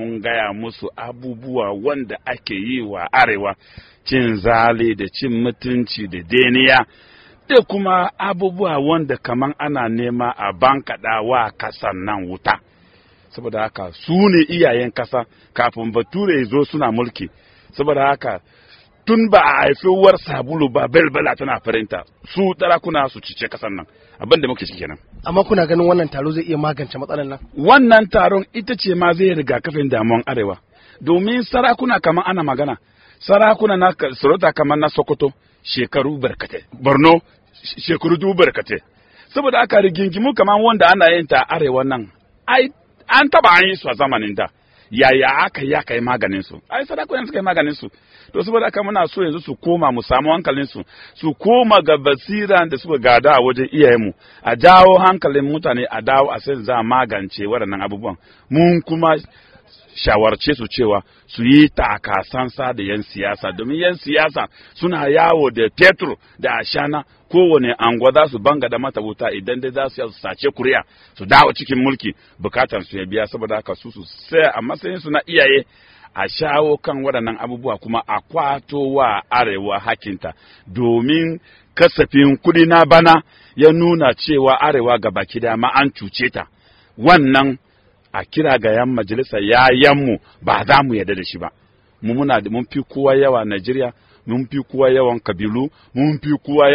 mun gaya musu abubuwa wanda ake yi wa arewa cin zali da cin mutunci da deniya da kuma abubuwa wanda kaman ana nema a bankaɗa wa kasan nan wuta saboda haka su ne iyayen kasa kafin bature zo suna mulki saboda haka tun ba a haifi uwar sabulu ba belbela tana farinta su kuna su cice kasan nan abin da muke ciki kenan amma kuna ganin wannan taro zai iya magance matsalar nan wannan taron ita ce ma zai riga rigakafin damuwan arewa domin sarakuna kamar ana magana sarakuna na sarauta kamar na sokoto shekaru barkate borno shekaru dubu barkate saboda aka rigingimu kamar wanda ana yin ta arewa nan ai an taba an yi su a zamanin da yaya aka yi aka yi maganin su ai sadakunan suka yi maganin su to saboda haka muna so yanzu su koma mu samu hankalin su su koma ga basira da suka gada a wajen iyayen mu a jawo hankalin mutane a dawo a sai za magance waɗannan abubuwan mun kuma shawarce su cewa su yi takasansa da 'yan siyasa domin 'yan siyasa suna yawo da petro da ashana kowane anguwa za su banga da mata wuta idan dai za su sace kuriya su dawo cikin mulki bukatan su ya biya saboda haka su su sai a matsayin su na iyaye a shawo kan waɗannan abubuwa kuma a kwato wa arewa hakinta domin kasafin kuɗi na bana ya nuna cewa arewa ga baki dama an cuce ta wannan a kira ga yan majalisa ya yanmu ba za mu yarda da shi ba mu muna mun fi kowa yawa Najeriya mun fi kowa yawan kabilu mun fi kowa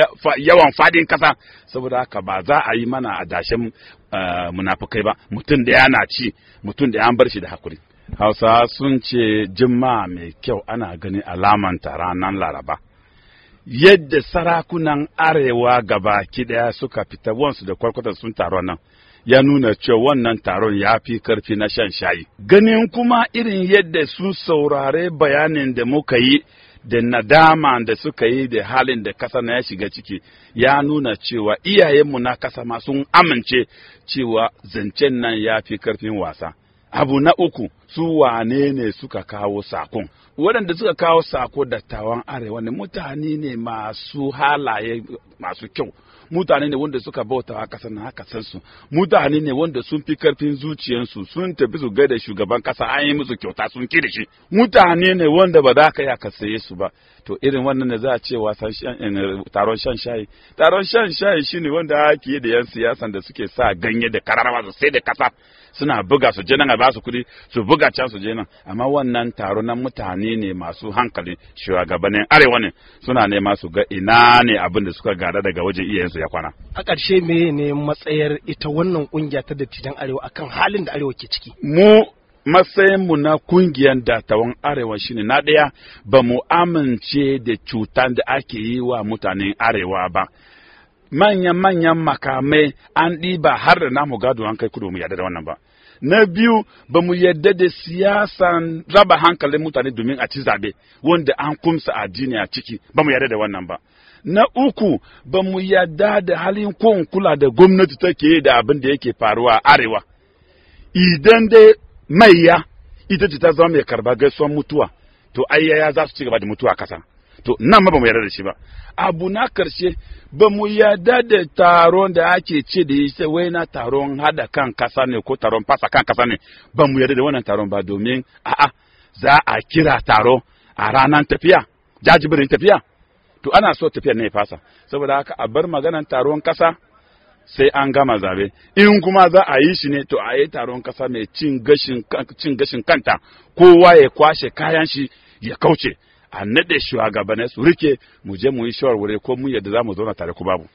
yawan fadin kasa saboda haka ba za a yi mana a dashen eh, munafukai ba mutum da yana ci mutum da an bar shi da hakuri hausa sun ce jimma mai kyau ana gani alaman tara nan laraba yadda sarakunan arewa gaba ki daya suka fita wansu da kwarkwatar sun taro nan ya nuna cewa wannan taron ya fi karfi na shan shayi. Ganin kuma irin yadda sun saurare bayanin da muka yi da nadama da suka yi da halin da kasa na ya shiga ciki ya nuna cewa iyayenmu na kasa ma amince cewa zancen nan ya fi karfin wasa. Abu na uku, su wane ne suka kawo sakon? Waɗanda suka kawo sako dattawan arewa ne mutane ne masu halaye masu kyau. mutane ne wanda suka bauta a kasar nan haka san su mutane ne wanda sun fi karfin zuciyarsu sun tafi su gaida shugaban kasa an yi musu kyauta sun ki da shi mutane ne wanda ba za ka ya a saye su ba to irin wannan ne za a ce wasan eh, taron shan shayi taron shan shayi shine wanda ake da yan siyasan da suke sa ganye da kararwa su sai da kasa suna buga su je nan a basu su kuɗi su buga can su je nan amma wannan taro na mutane ne masu hankali shugabannin arewa ne suna nema su ga ina ne abin da suka gada daga wajen iyayensu ya kwana a ƙarshe me ne matsayar ita wannan ƙungiya ta dattijan arewa akan halin da arewa ke ciki mu matsayin mu na kungiyar datawan arewa shine na ɗaya ba mu amince da cutan da ake yi wa mutanen arewa ba manyan-manyan makamai an ɗiba har da namu gado an kai kudu mu yarda da wannan ba. Na biyu ba mu yarda da siyasan raba hankalin mutane domin a ci zaɓe wanda an kumsa addini a ciki ba mu yadda da wannan ba. Na uku ba mu yarda da halin kun kula da gwamnati take da abin da yake faruwa arewa. Idan dai mai ya ita ce ta zama mai karba gaisuwan mutuwa to ai ya za su ci gaba da mutuwa kasa. to nan ma ba mu yarda da shi ba abu na karshe ba mu yarda da taron da ake ce da yasa wai na taron hada kan kasa ne ko taron fasa kan kasa ne ba mu yarda da wannan taron ba domin a'a za a kira taro a ranar tafiya jajibirin tafiya to ana so tafiyar ne fasa saboda haka a bar maganan taron kasa sai an gama zabe in kuma za a yi shi ne to a yi taron kasa mai cin gashin kanta kowa ya kwashe kayan shi ya kauce a nade shugabanai su rike mu je mu yi shawarwari ko mu yadda za mu zauna tare ku babu